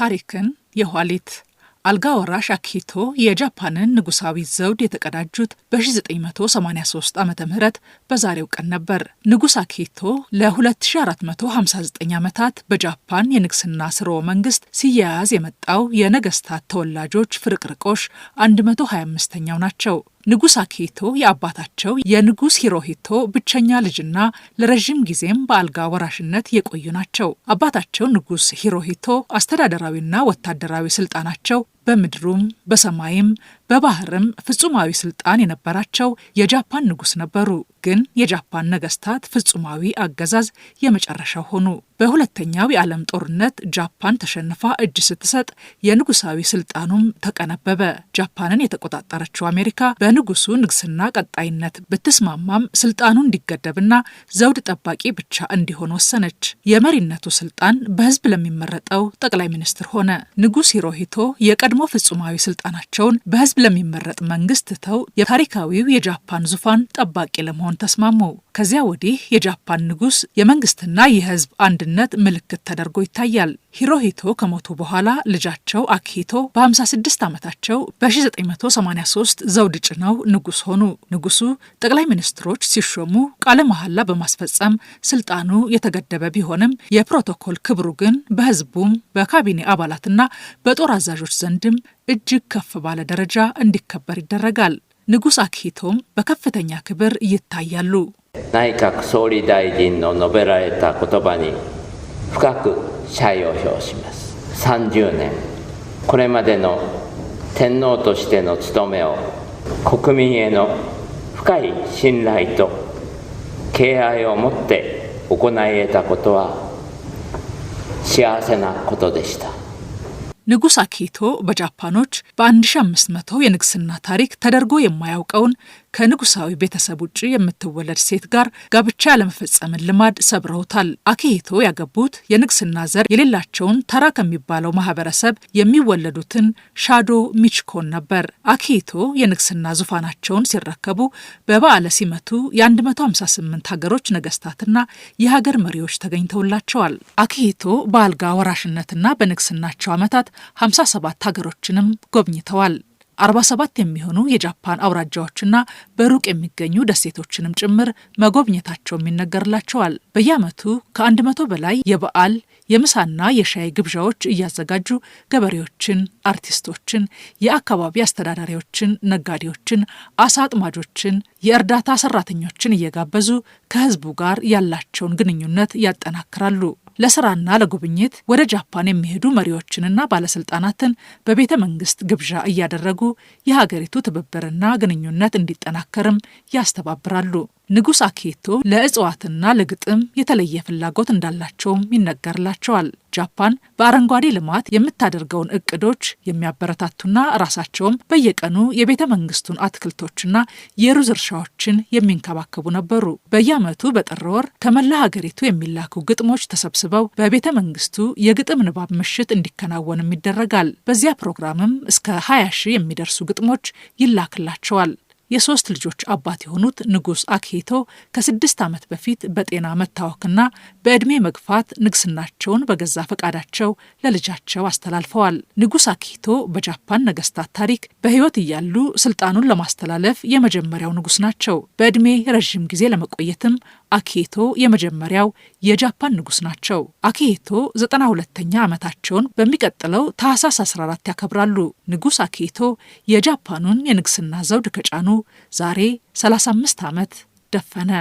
ታሪክን የኋሊት አልጋ ወራሽ አኪቶ የጃፓንን ንጉሳዊ ዘውድ የተቀዳጁት በ1983 ዓ ም በዛሬው ቀን ነበር። ንጉስ አኪቶ ለ2459 ዓመታት በጃፓን የንግስና ስርወ መንግስት ሲያያዝ የመጣው የነገስታት ተወላጆች ፍርቅርቆሽ 125ኛው ናቸው። ንጉስ አኪሂቶ የአባታቸው የንጉስ ሂሮሂቶ ብቸኛ ልጅና ለረዥም ጊዜም በአልጋ ወራሽነት የቆዩ ናቸው። አባታቸው ንጉስ ሂሮሂቶ አስተዳደራዊና ወታደራዊ ስልጣናቸው በምድሩም በሰማይም በባህርም ፍጹማዊ ስልጣን የነበራቸው የጃፓን ንጉሥ ነበሩ። ግን የጃፓን ነገስታት ፍጹማዊ አገዛዝ የመጨረሻው ሆኑ። በሁለተኛው የዓለም ጦርነት ጃፓን ተሸንፋ እጅ ስትሰጥ የንጉሳዊ ስልጣኑም ተቀነበበ። ጃፓንን የተቆጣጠረችው አሜሪካ በንጉሱ ንግስና ቀጣይነት ብትስማማም ስልጣኑ እንዲገደብና ዘውድ ጠባቂ ብቻ እንዲሆን ወሰነች። የመሪነቱ ስልጣን በህዝብ ለሚመረጠው ጠቅላይ ሚኒስትር ሆነ። ንጉስ ሂሮሂቶ የቀ የቀድሞ ፍጹማዊ ስልጣናቸውን በህዝብ ለሚመረጥ መንግስት ትተው የታሪካዊው የጃፓን ዙፋን ጠባቂ ለመሆን ተስማሙ። ከዚያ ወዲህ የጃፓን ንጉስ የመንግስትና የህዝብ አንድነት ምልክት ተደርጎ ይታያል። ሂሮሂቶ ከሞቱ በኋላ ልጃቸው አኪሂቶ በ56 ዓመታቸው በ1983 ዘውድ ጭነው ንጉስ ሆኑ። ንጉሱ ጠቅላይ ሚኒስትሮች ሲሾሙ ቃለ መሐላ በማስፈጸም ስልጣኑ የተገደበ ቢሆንም የፕሮቶኮል ክብሩ ግን በህዝቡም በካቢኔ አባላትና በጦር አዛዦች ዘንድ ዘንድም እጅግ ከፍ ባለ ደረጃ እንዲከበር ይደረጋል። ንጉሥ አክሂቶም በከፍተኛ ክብር ይታያሉ። 幸せなことでした。ንጉሥ አኪቶ በጃፓኖች በ1500 የንግስና ታሪክ ተደርጎ የማያውቀውን ከንጉሳዊ ቤተሰብ ውጭ የምትወለድ ሴት ጋር ጋብቻ ያለመፈጸምን ልማድ ሰብረውታል። አኪሂቶ ያገቡት የንግስና ዘር የሌላቸውን ተራ ከሚባለው ማህበረሰብ የሚወለዱትን ሻዶ ሚችኮን ነበር። አኪሂቶ የንግስና ዙፋናቸውን ሲረከቡ በበዓለ ሲመቱ የ158 ሀገሮች ነገስታትና የሀገር መሪዎች ተገኝተውላቸዋል። አኪሂቶ በአልጋ ወራሽነትና በንግስናቸው ዓመታት 57 ሀገሮችንም ጎብኝተዋል። 47 የሚሆኑ የጃፓን አውራጃዎችና በሩቅ የሚገኙ ደሴቶችንም ጭምር መጎብኘታቸውም ይነገርላቸዋል። በየዓመቱ ከ100 በላይ የበዓል የምሳና የሻይ ግብዣዎች እያዘጋጁ ገበሬዎችን፣ አርቲስቶችን፣ የአካባቢ አስተዳዳሪዎችን፣ ነጋዴዎችን፣ አሳ አጥማጆችን፣ የእርዳታ ሰራተኞችን እየጋበዙ ከህዝቡ ጋር ያላቸውን ግንኙነት ያጠናክራሉ። ለስራና ለጉብኝት ወደ ጃፓን የሚሄዱ መሪዎችንና ባለስልጣናትን በቤተ መንግስት ግብዣ እያደረጉ የሀገሪቱ ትብብርና ግንኙነት እንዲጠናከርም ያስተባብራሉ። ንጉሥ አኬቶ ለእጽዋትና ለግጥም የተለየ ፍላጎት እንዳላቸውም ይነገርላቸዋል። ጃፓን በአረንጓዴ ልማት የምታደርገውን እቅዶች የሚያበረታቱና ራሳቸውም በየቀኑ የቤተ መንግስቱን አትክልቶችና የሩዝ እርሻዎችን የሚንከባከቡ ነበሩ። በየዓመቱ በጥር ወር ከመላ ሀገሪቱ የሚላኩ ግጥሞች ተሰብስበው በቤተ መንግስቱ የግጥም ንባብ ምሽት እንዲከናወንም ይደረጋል። በዚያ ፕሮግራምም እስከ 20 ሺህ የሚደርሱ ግጥሞች ይላክላቸዋል። የሶስት ልጆች አባት የሆኑት ንጉስ አኬቶ ከስድስት ዓመት በፊት በጤና መታወክና በዕድሜ መግፋት ንግስናቸውን በገዛ ፈቃዳቸው ለልጃቸው አስተላልፈዋል። ንጉስ አኪሂቶ በጃፓን ነገስታት ታሪክ በህይወት እያሉ ስልጣኑን ለማስተላለፍ የመጀመሪያው ንጉስ ናቸው። በዕድሜ ረዥም ጊዜ ለመቆየትም አኬቶ የመጀመሪያው የጃፓን ንጉስ ናቸው። አኬቶ ዘጠና ሁለተኛ ዓመታቸውን በሚቀጥለው ታህሳስ 14 ያከብራሉ። ንጉስ አኬቶ የጃፓኑን የንግስና ዘውድ ከጫኑ ዛሬ 35 ዓመት ደፈነ።